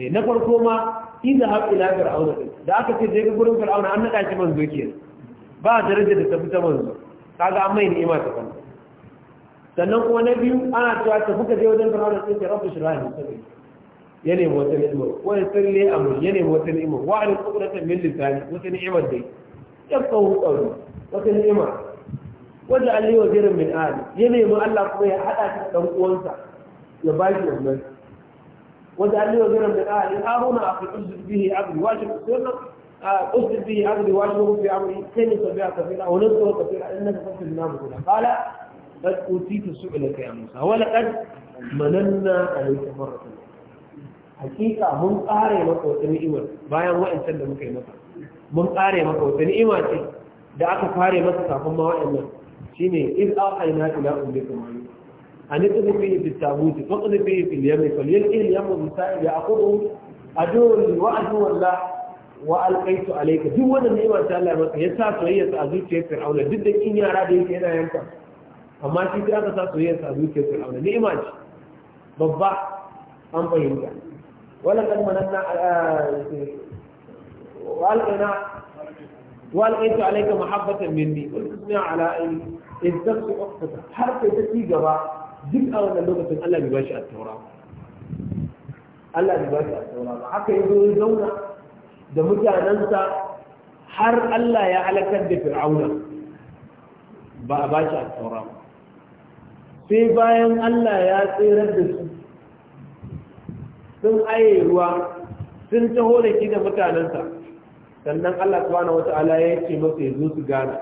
eh na farko ma idhab ila fir'auna da aka ce je ga gurin fir'auna an nada shi manzo kenan ba daraja da tafi ta manzo kaga an mai ni'ima ta kanta. sannan kuma na biyu ana cewa ta buka je wajen fir'auna sai ta rabu shirani sai ya nemi wata ni'ima ko ya san ne amur ya nemi wata ni'ima wa an qudratan min lisani wata ni'imar dai yaqahu tsaro wata ni'ima wanda Allah ya jira min ali ya nemi Allah kuma ya hada shi dan uwansa ya ba shi wannan wanda Allah ya jira min ali haruna akhi uzd bihi abdi wa shukr sunna أسجد به عبدي وأشهد في أمري كن سبيع كثيرا ونذكر كثيرا إنك تفعل النام قال قد أوتيت سؤلك يا موسى ولقد مننا عليك مرة حقيقة من قاري مكة وتنئمة بايا وإن سلم كي مكة من قاري مكة وتنئمة da aka fare masa kafin ma wa'annan shine iz aqaina ila ummika ma'ruf an yadda fi bi tabut fa qad fi fi al fa yalqi al-yam bi adul wa wallah wa alqaitu alayka duk wannan ni'ima ta Allah maka yasa soyayya a zuciyar Fir'auna duk da kin yara da yake yana yanka amma shi ta aka sa soyayyarsa a zuciyar fir'auna ni'ima ce babba an fahimta wala kan mananna eh, walqina walqaitu alaika muhabbatan minni qul tusmi'a ala ayni in tafsu ukhtuka har kai ta ci gaba duk a wannan lokacin Allah bai bashi at-taura Allah bai bashi at-taura ba haka yazo ya zauna da mutanansa har Allah ya halakar da fir'auna ba a bashi at-taura ba sai bayan Allah ya tsirar da su sun aye ruwa sun taho da shi da mutanensa sannan Allah subhanahu wata'ala ya ce masa ya zo su gana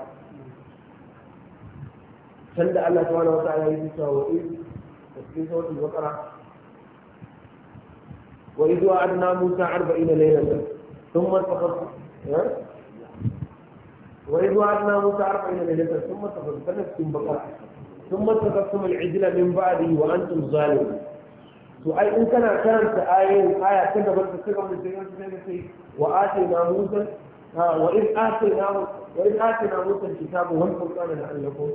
can da Allah subhanahu wata'ala ya ce wa wa'i a cikin sautin bakara wa idu adna musa arba'ina laylatan thumma tafakka eh? wa idu adna musa arba'ina laylatan thumma tafakka kana cikin bakara sun matakastum al'ijila min ba'di wa antum zalimun to ai in kana karanta ayoyin aya ta gaba ta suka mun sai yanzu sai sai wa atina musa wa in atina wa in atina musa kitabu wal qur'ana ko?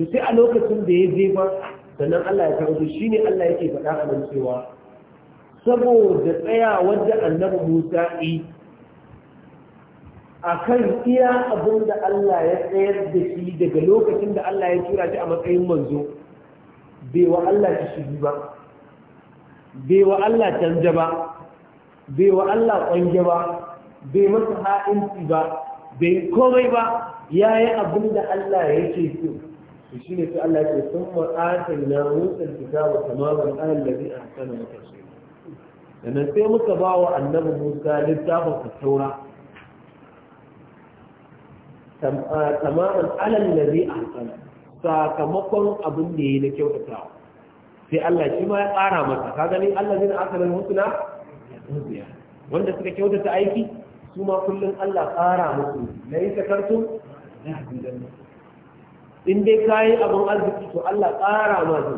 to sai a lokacin da ya je ba sannan Allah ya karɓo shine Allah yake faɗa a nan cewa saboda tsaya da annabi Musa yi akan iya abin da Allah ya tsayar da shi daga lokacin da Allah ya tura shi a matsayin manzo bai wa Allah shishigi ba bai wa Allah canja ba bai wa Allah kwanje ba bai masa ha'inci ba bai komai ba ya yi abin da Allah ya ce so to shi ne su Allah ke sun ma'atar na mutsar fita wa tamamin alallazi a hasana matashi sannan sai muka ba wa annabi musa littafin taura tamaman alal ladhi ahsana sakamakon abin da ya yi na kyautata, sai Allah shi ma ya ƙara mata. ka gani Allah zai aka nan husna wanda suka kyautata aiki su ma kullum Allah ƙara mutu. na yi sakartu na in dai ka yi abin arziki to Allah ƙara ma su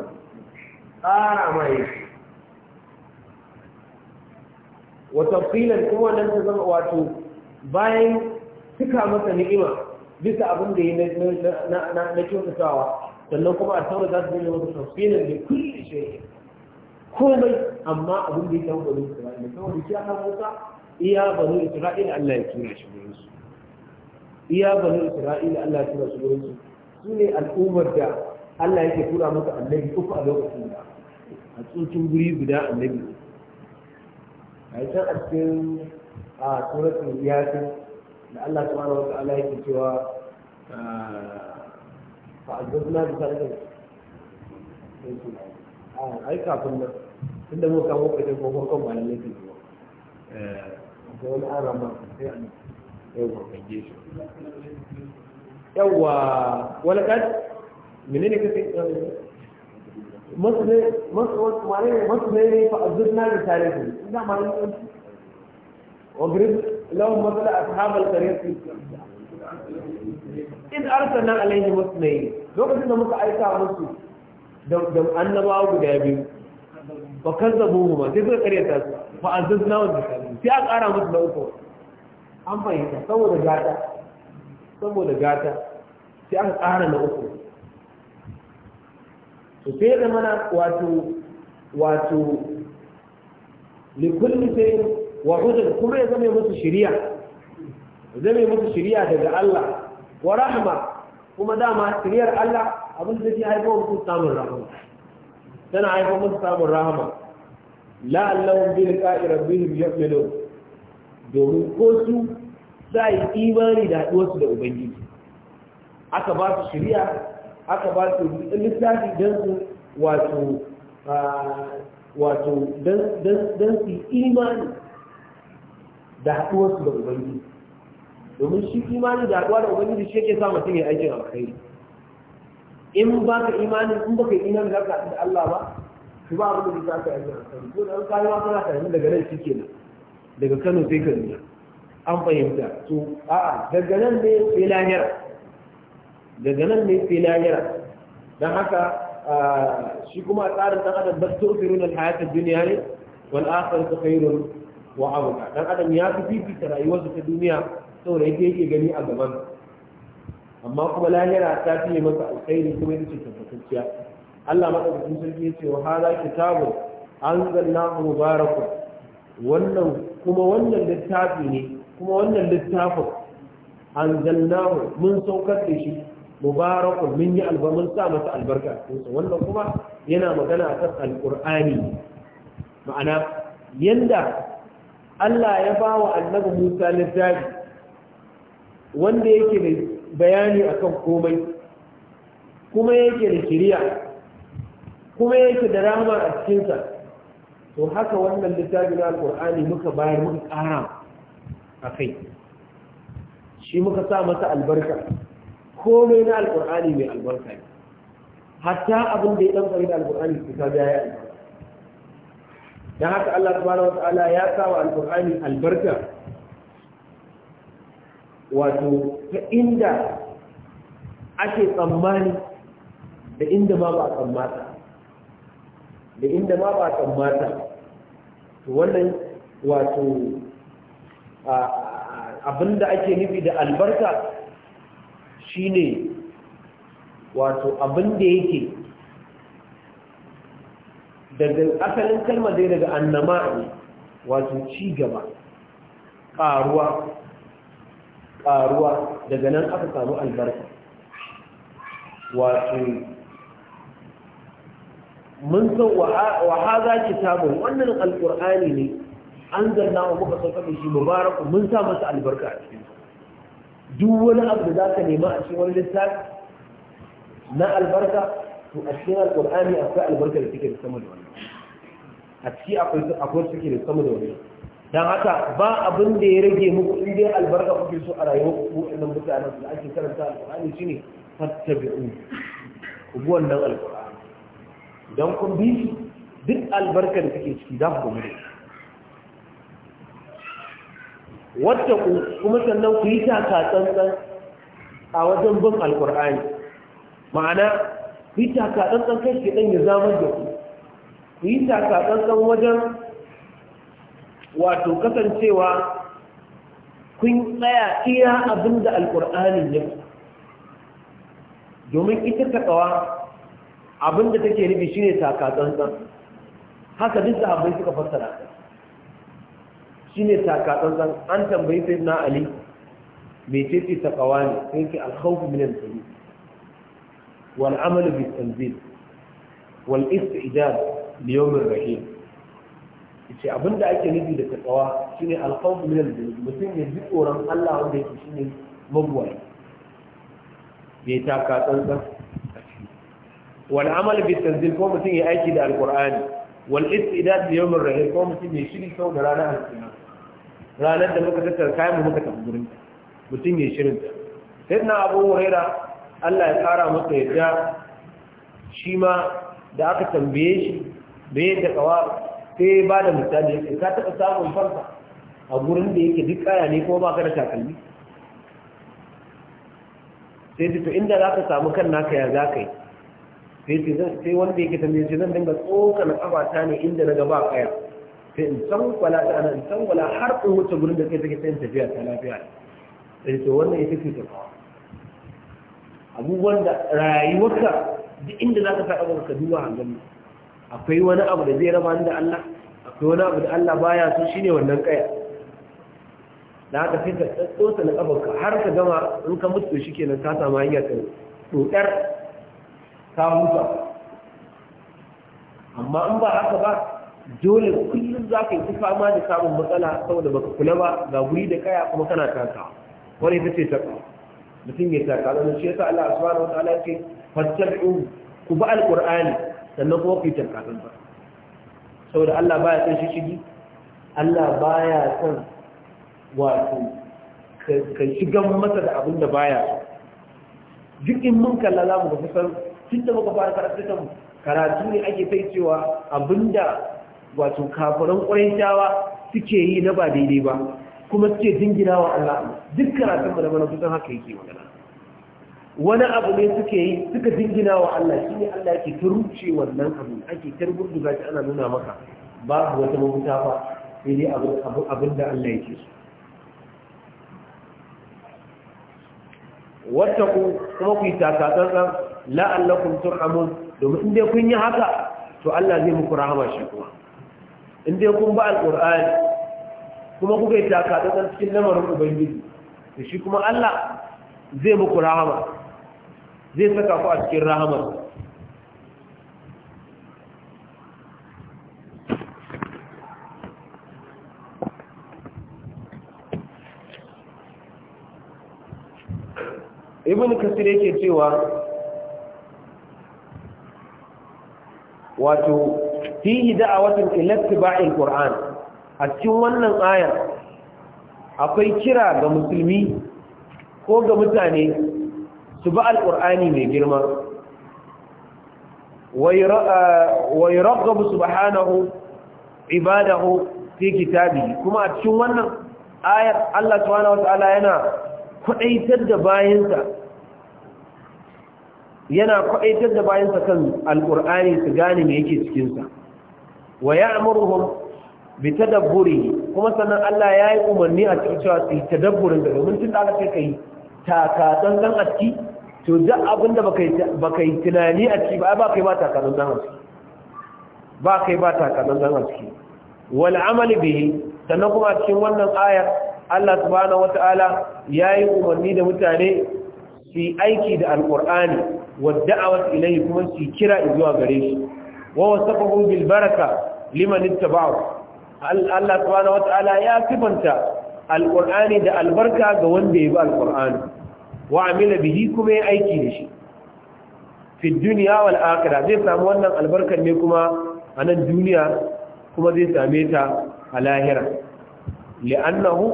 ƙara ma yi wa filan kuma nan ta zama wato bayan suka masa ni'ima bisa abin da ya na kyautatawa sannan kuma a taura za su zai masa tafsirin da kulle shi komai amma abin da ya da samu banu isra'ila saboda shi aka musa iya banu isra'ila allah ya tura shi gurin su iya banu isra'ila allah ya tura shi gurin su su ne al'ummar da allah yake tura maka annabi uku a lokacin da a tsokin guri guda annabi a yi can a cikin a tsoron yasin da Allah subhanahu wa ta'ala yake cewa ah, fa'azzabna bi sarkin a ah, ai kafin nan tun da muka muka ce ko farkon ba lalle ke zuwa da eh, wani an sai an yawa kange shi yawa wala kad menene kake masu ne masu ne masu ne fa'azzabna bi sarkin ina ma ne واضرب لهم مثل أصحاب القرية إذ أرسلنا عليهم اثنين لوكتين muka aika musu da annabawa guda biyu ba kan zabo ma sai suka karyata su ba a zazzna wanda musu na an fahimta saboda gata saboda gata sai aka ƙara na uku to sai mana wato wato sai wa hudan kuma ya zame musu shiriya zame musu shiriya daga Allah wa rahma kuma dama shari'ar Allah abin da ke haifar musu samun rahama tana haifar musu samun rahama la allahu bi liqa'i rabbihim yu'minun domin ko su sai yi imani da haɗuwarsu da ubangiji aka ba su shiriya aka ba su lissafi don su wato wato don su imani da haɗuwarsu da ubangiji domin shi imani da haɗuwa da ubangiji shi yake sa mutum ya aikin alkhairi in ba ka imani in ba ka yi imani da haɗu da Allah ba shi ba abin da za ka aikin alkhairi ko da an kayi ma kana tare daga nan shi nan, daga Kano sai ka nuna, an fahimta to a'a daga nan ne sai lahira daga nan ne sai lahira dan haka shi kuma tsarin dan adam bastofirin alhayat ad-dunya ne wal akhiratu khairun wa abuka dan adam ya fi fifita rayuwarsa ta duniya saboda yake yake gani a gaban amma kuma lahira ta fiye masa alkhairi kuma ita ce tabbatacciya Allah madaukakin sarki ya ce wa hada kitabu anzalnahu mubarakun wannan kuma wannan littafi ne kuma wannan littafin anzalnahu mun saukar da shi mubarakun mun yi alba sa masa albarka a wannan kuma yana magana a kan alƙur'ani ma'ana yanda Allah ya ba wa annabi Musa littafi wanda yake da bayani akan komai kuma yake da shiriya kuma yake da rama a cikinsa to haka wannan littafi na alƙur'ani muka bayar muka ƙara a kai shi muka sa masa albarka komai na alƙur'ani mai albarka ne hatta abin da ya ɗan da alƙur'ani su ta ya yi dan haka Allah subhanahu ta'ala ya sa wa alqur'ani albarka wato ta inda ake tsammani da inda ma ba tsammata da inda ma ba tsammata to wannan wato abinda ake nufi da albarka shine wato abin da yake daga asalin kalmar dai daga annama ne wato cigaba, gaba ƙaruwa ƙaruwa daga nan aka samu albarka wato mun san wa haza kitabun wannan alƙur'ani ne an zanna wa muka sauka da shi mubaraku mun sa masa albarka a cikin duk wani abu da za ka nema a cikin wani lissafi na albarka to a cikin alƙur'ani akwai albarka da take da sama da wannan a ciki akwai akwai suke da sama da wani dan haka ba abin da ya rage muku inda ya albarka kuke so a rayuwar ku wannan mutanen da ake karanta alqur'ani shine fattabi'u ku bi wannan alqur'ani dan kun bi su duk albarkar da kake ciki za ku gumi da ku kuma sannan ku yi taka tsantsan a wajen bin alqur'ani ma'ana ku yi taka tsantsan kai ke ɗan ya zama da ku ku yi takatsantsan wajen wato kasancewa kun tsaya iya abin da alƙur'anin ya domin ita taƙawa abin da take nufi shine takatsantsan haka duk sahabbai suka fassara shine takatsantsan an tambayi sai na ali mecece taƙawa ne sai ke alkhawfu min al-zuri wal amalu bil tanzil wal istijab liyomin rahim ce abinda ake nufi da takawa shine alkhawf min al-dhunub mutum ya ji tsoron Allah wanda yake shine magwai ya ta ka tsantsan Wani amal bi tanzil ko mutum ya aiki da alqur'ani wal istidad li yawm ar-rahil ko mutum ya shiri sau da ranar alqiyama ranar da muka tattara kayan mu muka tafi gurin mutum ya shirin ta sayyidina abu huraira Allah ya kara masa ya ja shi ma da aka tambaye shi da yadda kawa sai ba da misali Sai ka taɓa samun farka a gurin da yake duk kaya ne ko ba ka da takalmi sai to inda za ka samu kan naka ya za ka yi sai wanda yake tambaye ce zan dinga tsokana kafata ne inda na gaba kaya sai in san kwala ta ana in san kwala har in wuce gurin da kai take sai in tafiya ta lafiya sai to wannan ita ce tafawa abubuwan da rayuwarka duk inda za ka sa ka duba hankali akwai wani abu da zai raba da Allah akwai wani abu da Allah baya so shine wannan kaya da aka sai ka tsotsa na ka. har ka gama in ka mutu shi kenan ka samu hanyar ka dodar ka mutu amma in ba haka ba dole kullum za ka yi ta fama da samun matsala saboda baka kula ba ga guri da kaya kuma kana taka wani ta ce taka mutum ya taka don shi yasa Allah subhanahu wa ta'ala ce fattabi'u ku bi alqur'ani sannan kuma ku yi ba saboda Allah baya son shishigi Allah baya son wato ka shigan masa da abin da baya duk in mun kalla za mu kusan tun da muka fara karatu karatu ne ake sai cewa abinda wato kafiran shawa suke yi na ba daidai ba kuma suke jingina wa Allah duk karatun mu da mana kusan haka yake magana wani abu ne suke yi suka dingina wa Allah shi ne Allah yake turuce wannan abu ake tarburguza shi ana nuna maka babu wata mafuta ba sai dai abin da Allah yake so wattaku kuma ku yi takatsantsan la'allakum turhamun domin in dai kun yi haka to Allah zai muku rahama shi kuma in dai kun ba alqur'ani kuma kuka yi takatsantsan cikin lamarin ubangiji da shi kuma Allah zai muku rahama zai saka ku a cikin rahamar ibn kasir yake cewa wato fihi da'awatu ila tibail qur'an a cikin wannan aya akwai kira ga musulmi ko ga mutane su ba al'ur'ani mai girma wai ragabu subhanahu ibadahu fi kitabi kuma a cikin wannan ayar Allah subhanahu wata'ala yana kwadaitar da bayansa yana kwadaitar da bayansa kan al'ur'ani su gane mai yake cikinsa wa ya'muruhum bi tadabburi kuma sannan Allah ya yi umarni a cikin cewa su yi tadabburin da domin tun da aka ce ka yi taka tsantsan a ciki to duk abin da baka yi tunani a ciki ba ba kai ba takanin dan haske ba kai ba takanin dan haske wal amali bihi sannan kuma cikin wannan ayar Allah subhanahu ya yi umarni da mutane su aiki da wadda a wasu ilayhi kuma su kira zuwa gare shi wa wasafahu bil baraka liman ittaba'u Allah subhanahu wata'ala ya sifanta alqur'ani da albarka ga wanda ya bi alqur'ani wa amila bihi kuma ya aiki da shi fi duniya wal akhirah zai samu wannan albarkar ne kuma a nan duniya kuma zai same ta a lahira li'annahu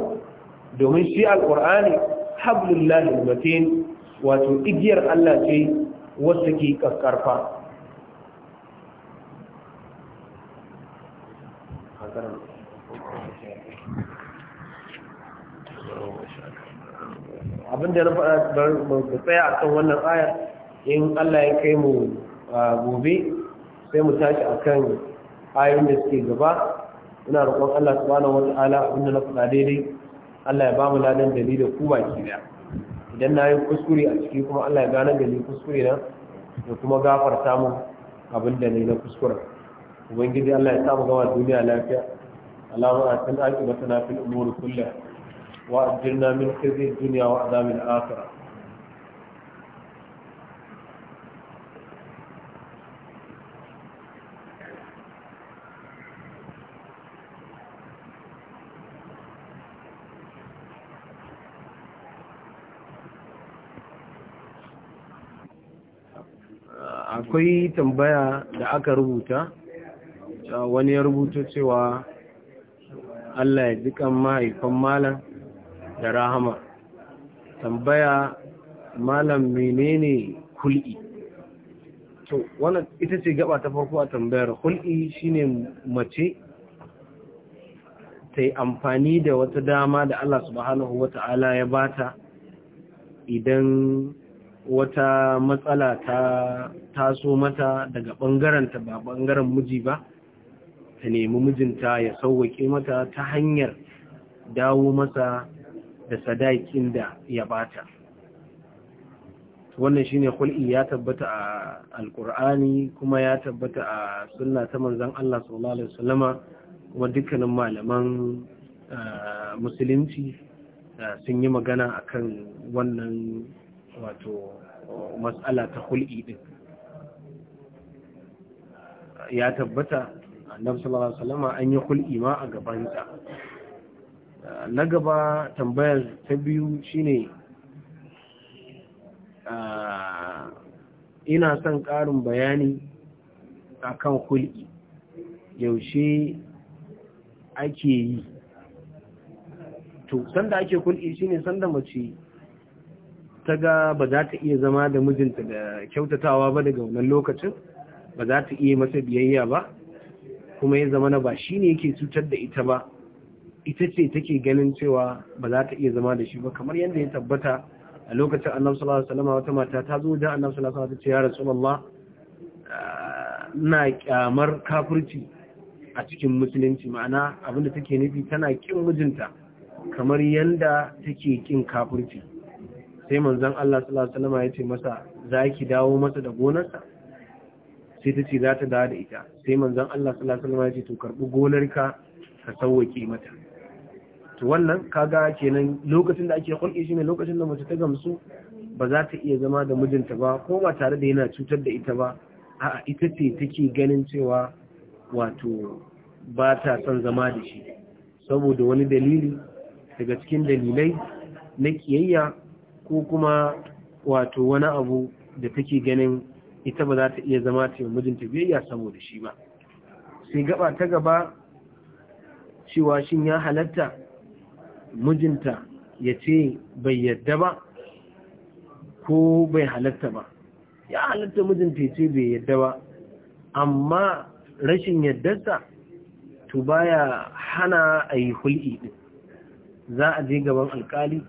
domin shi alqur'ani hablullahi almatin wato igiyar Allah ce wacce ke kakkarfa abin da na faɗa bar mu a akan wannan ayar in Allah ya kai mu gobe sai mu tashi a kan ayoyin da suke gaba ina roƙon Allah wata ala abin da na faɗa daidai Allah ya ba mu ladan dali da ku baki daya idan na yi kuskure a ciki kuma Allah ya gane da ni kuskure na da kuma gafarta mu abin da ne na kuskure ubangiji Allah ya samu gama duniya lafiya Allahumma atina aqibatana fil umuri kullaha وأجرنا من خزي الدنيا وعذاب الآخرة akwai tambaya da aka rubuta wani ya rubuta cewa Allah ya jikan mahaifan malam da rahama tambaya malam menene hul'i to wannan ita ce gaba ta farko a tambayar hul'i shine mace ta yi amfani da wata dama da Allah subhanahu wata'ala ya bata idan wata matsala ta taso mata daga ɓangaranta ba bangaren miji ba ta nemi mijinta ya sauwake mata ta hanyar dawo masa da sadakin da ya bata wannan shine kulli ya tabbata a alqur'ani kuma ya tabbata a sunna ta manzon Allah sallallahu alaihi wasallama kuma dukkanin malaman musulunci sun yi magana akan wannan wato mas'ala ta kulli din ya tabbata annabi sallallahu alaihi wasallama an yi kulli ma a gaban gabansa na gaba tambayar ta biyu shine ina son ƙarin bayani akan hulɗi yaushe ake yi to sanda ake hulɗi shine sanda mace ta ga ba za ta iya zama da mijinta da kyautatawa ba daga wannan lokacin ba za ta iya masa biyayya ba kuma ya zama na ba shine yake cutar da ita ba ita ce take ganin cewa ba za ta iya zama da shi ba kamar yadda ya tabbata a lokacin annabi sallallahu alaihi wasallam wata mata ta zo da annabi sallallahu alaihi wasallam ta ce ya rasulullah eh, ina kyamar kafirci a cikin musulunci ma'ana abinda take nufi tana kin mijinta kamar yadda take kin kafirci sai manzon Allah sallallahu alaihi wasallam ya ce masa zaki dawo masa da gonarsa sai ta ce za ta dawo da ita sai manzon Allah sallallahu alaihi wasallam ya ce to karbi gonarka ka sauwake mata to wannan kaga kenan lokacin da ake shi shine lokacin da mace ta gamsu ba za ta iya zama da mijinta ba ko ba tare da yana cutar da ita ba a'a ita ce take ganin cewa wato ba ta son zama da shi saboda wani dalili daga cikin dalilai na kiyayya ko kuma wato wani abu da take ganin ita ba za ta iya zama ta mijinta biyayya saboda shi ba sai gaba ta gaba cewa shin ya halatta mijinta ya ce bai yadda ba ko bai halatta ba ya halatta mijinta ya ce bai yarda ba amma rashin yaddarsa to baya hana a yi hul'i ɗin za a je gaban alkali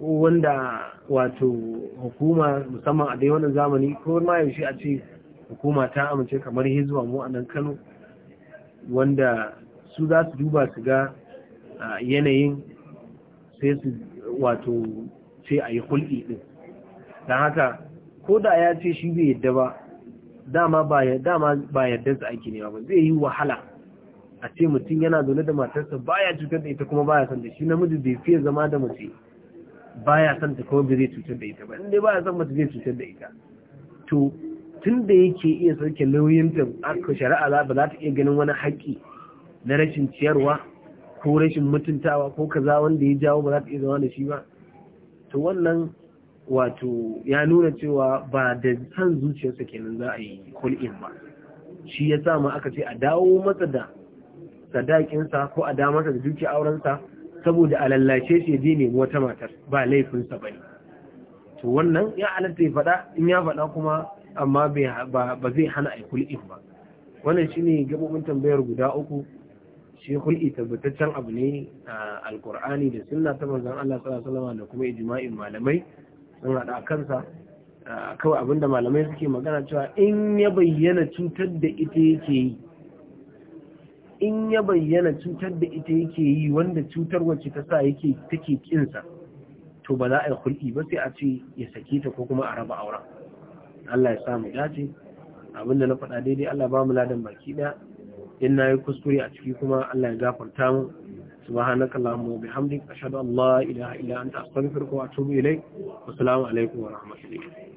Ko wanda wato hukuma musamman a dai wannan zamani ko ma yaushe a ce hukuma ta amince kamar hizuwa mu a nan Kano wanda su za su duba su ga yanayin sai su wato sai a yi hulɗi ɗin don haka ko da ya ce shi bai yadda ba dama ba yadda su aiki ne ba zai yi wahala a ce mutum yana zaune da matarsa baya cutar da ita kuma baya son da shi namiji bai fiye zama da mace baya son ta kuma zai cutar da ita ba inda baya son mace zai cutar da ita to tun da yake iya sauke nauyin ta aka shari'a ba za ta iya ganin wani haƙƙi na rashin ciyarwa ko rashin mutuntawa ko kaza wanda ya jawo ba za ta iya zama da shi ba to wannan wato ya nuna cewa ba da san zuciyarsa kenan za a yi kul'in ba shi ya sa ma aka ce a dawo masa da sadakinsa ko a dawo masa da dukiya aurensa saboda a lallace shi je nemi wata matar ba laifinsa ba ne to wannan ya alatta ya faɗa in ya faɗa kuma amma ba zai hana a yi kul'in ba wannan shi ne gabobin tambayar guda uku shi hul'i tabbataccen abu ne a alkur'ani da sunna ta manzon Allah salama da kuma ijima'in malamai sun haɗa kansa kawai abinda malamai suke magana cewa in ya bayyana cutar da ita yake yi in ya bayyana cutar da ita yake yi wanda cutar wacce ta sa yake take kinsa to ba za a yi hul'i ba sai a ce ya sake ta ko kuma a raba auren Allah ya samu dace abinda na faɗa daidai Allah ba mu ladan baki ɗaya in na yi kuskure a ciki kuma Allah ya gafarta mu subhanaka allahumma wa bihamdik ashhadu an la ilaha illa anta astaghfiruka wa atubu ilaik assalamu alaikum wa rahmatullahi